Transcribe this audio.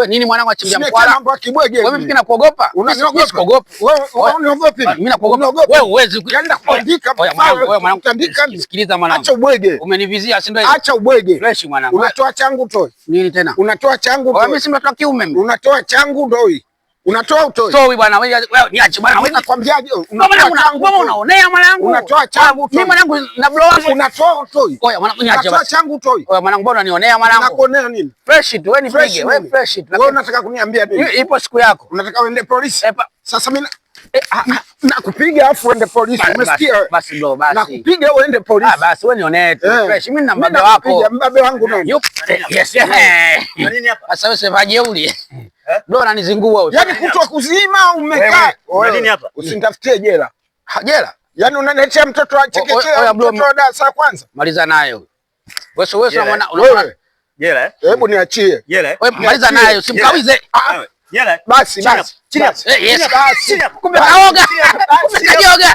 wewe nini mwanangu achimbia mkwala? Mambo ya kibwege. Wewe vipi nakuogopa? Unaogopa. Wewe unaogopi? Mimi nakuogopa. Wewe uwezi. Yaani nakutandika. Wewe mwanangu tandika. Sikiliza mwanangu. Acha ubwege. Umenivizia si ndio? Acha ubwege. Fresh mwanangu. Unatoa changu toi. Nini tena? Unatoa changu toi. Mimi si mtoto wa kiume mimi. Unatoa changu doi. Unatoa utoi. Toi bwana wewe niache bwana wewe nakwambiaje? Unaonea mwanangu. Unatoa changu utoi. Mimi mwanangu na blow up. Unatoa utoi. Oya mwanangu niache. Unatoa changu utoi. Oya mwanangu bwana unanionea mwanangu. Nakuonea nini? Fresh tu wewe ni fresh, Wewe fresh tu. Wewe unataka kuniambia nini? Ipo siku yako. Unataka uende polisi? Sasa mimi eh, ah, ah. nakupiga afu uende polisi. Umesikia? Basi blow basi. Nakupiga uende polisi. Ah basi wewe nionee tu. Eh. Fresh mimi na mbabe wako. Mbabe wangu nani? Yes. Nini hapa? Sasa wewe sevaje uli? Dola eh? ananizingua. Yaani kutwa kuzima umekaa. Nini hapa? Usinitafutie jela. Jela? Yaani unaniletea mtoto wa chekechea mtoto wa darasa la kwanza. Maliza naye huyo. Wewe wewe unaona unaona. Jela eh? Hebu niachie. Jela eh? Wewe maliza naye usimkawize. Ah. Jela. Basi basi. Chini. Eh, yes. Kumbe kaoga. Kumbe kaoga.